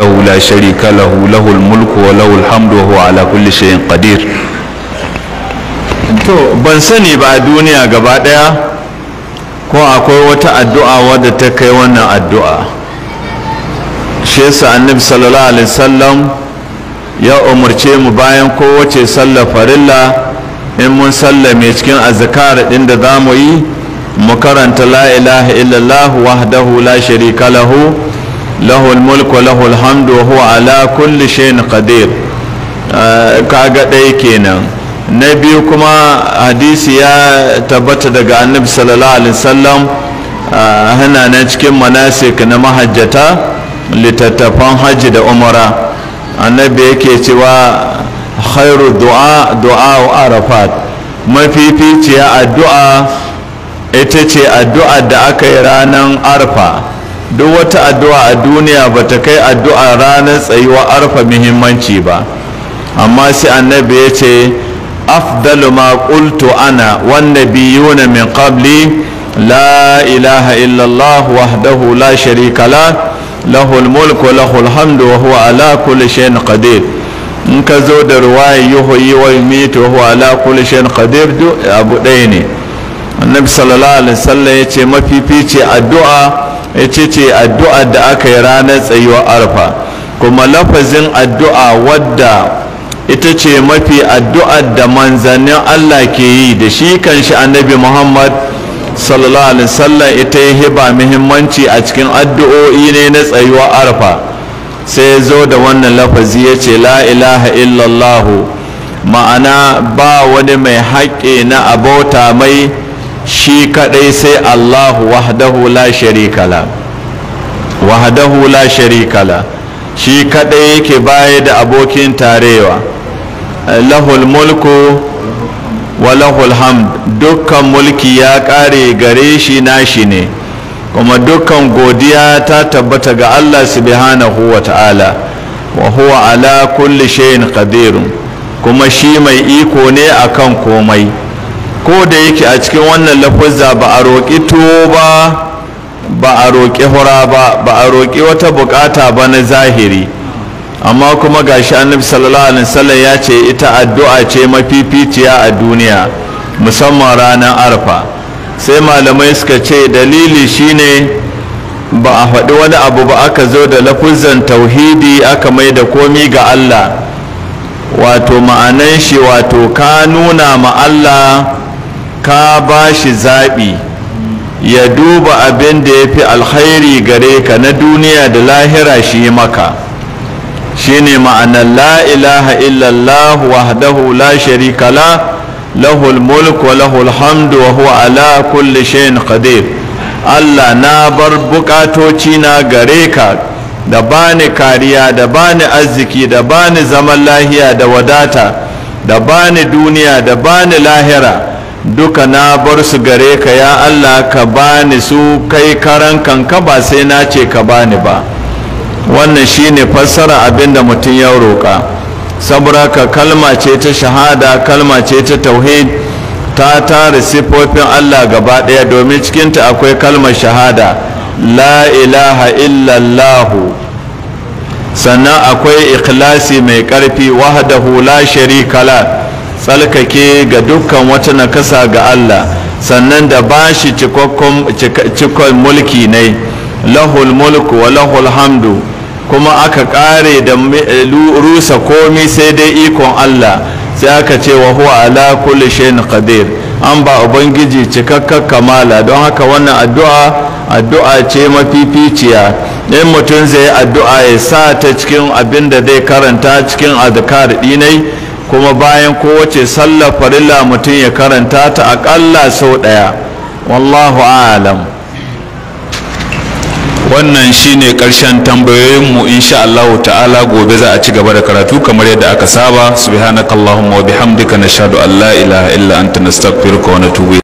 له لا شريك له له الملك وله الحمد وهو على كل شيء قدير to ban sani ba a duniya gaba daya ko akwai wata addu'a wadda ta kai wannan addu'a shi yasa annabi sallallahu alaihi wasallam ya umarce mu bayan kowace sallar farilla in mun sallame cikin azkar din da zamu yi mu karanta la ilaha illallah wahdahu la sharika lahu له الملك وله الحمد وهو على كل شيء قدير kaga ɗaya kenan na biyu kuma hadisi ya tabbata daga annabi sallallahu alaihi ah, hana nan cikin manasik na mahajjata littattafan hajji da umara annabi yake cewa khairu du'a du'a arafat mafificiya addu'a ita ce addu'a da aka yi ranar arfa duk wata addu'a a duniya ba ta kai addu'a ranar tsayuwa arfa muhimmanci ba amma sai annabi ya ce afdalu ma qultu ana wan nabiyuna min qabli la ilaha illallah wahdahu la sharika la lahul mulku lahul hamdu wa huwa ala kulli shay'in qadir in ka zo da ruwaya yuhyi wa yumitu wa huwa ala kulli shay'in qadir abu ɗaya ne annabi sallallahu alaihi wasallam ya ce mafifici addu'a ita ce addu'a da aka yi ranar tsayuwar arfa kuma lafazin addu'a wadda ita ce mafi addu'ar da manzannin Allah ke yi da shi kanshi annabi Muhammad sallallahu alaihi wasallam ita ya hiba muhimmanci a cikin addu'o'i ne na tsayuwar arfa sai zo da wannan lafazi ya ce la ilaha illallahu ma'ana ba wani mai haƙƙi na abota mai shi kaɗai sai allah wahdahu la sharikala wahdahu la sharikala shi kaɗai yake baya da abokin tarewa lahul mulku wa lahul hamd dukkan mulki ya kare gare shi nashi ne kuma dukkan godiya ta tabbata ga allah subhanahu wa ta'ala wa huwa ala kulli shayin qadirun kuma shi mai iko ne akan komai ko da yake a cikin wannan lafuzza ba a roƙi tuwo ba a roƙi hura ba ba a roƙi wata buƙata ba na zahiri amma kuma gashi annabi sallallahu alaihi wasallam ya ce ita addu'a ce mafificiya a duniya musamman ranar arfa sai malamai suka ce dalili shine ba a faɗi wani abu ba aka zo da lafuzzan tauhidi aka mai da komi ga Allah wato ma'anan shi wato ka nuna ma Allah ka ba shi zaɓi ya duba abin da ya fi alkhairi gare ka na duniya da lahira shi maka shi ne ma'anar la'ilaha ilaha illallah wahdahu la sharika la lahul mulk wa lahul hamdu wa huwa ala kulli shay'in qadir Allah na bar bukatoci na gare ka da bani kariya da bani arziki da bani zaman lahiya da wadata da bani duniya da bani lahira duka na bar su gare ka ya Allah ka bani su kai karan kanka ba sai na ce ka bani ba wannan shine fassara da mutum ya roƙa saboda ka kalma ce ta shahada kalma ce ta tauhid ta tara sifofin Allah gaba ɗaya domin cikinta akwai kalmar shahada la ilaha illallahu sannan akwai ikhlasi mai ƙarfi wahdahu la sharika la tsalkake ga dukkan wata nakasa ga Allah sannan da ba shi cikon mulki ne lahul mulku wa lahul hamdu kuma aka kare da eh, rusa komi sai dai ikon Allah sai aka ce wa huwa ala kulli shay'in qadir an ba ubangiji cikakkar kamala don haka wannan addu'a addu'a ce mafificiya in mutum zai addu'a ya sa ta cikin abin da zai karanta cikin azkar dinai kuma bayan kowace sallar farilla mutum ya karanta ta akalla sau ɗaya wallahu alam wannan shine ƙarshen tambayoyinmu insha Allah ta'ala gobe za a ci gaba da karatu kamar yadda aka saba subhanakallahumma wa bihamdika nashhadu an la ilaha illa anta nastaghfiruka wa natubu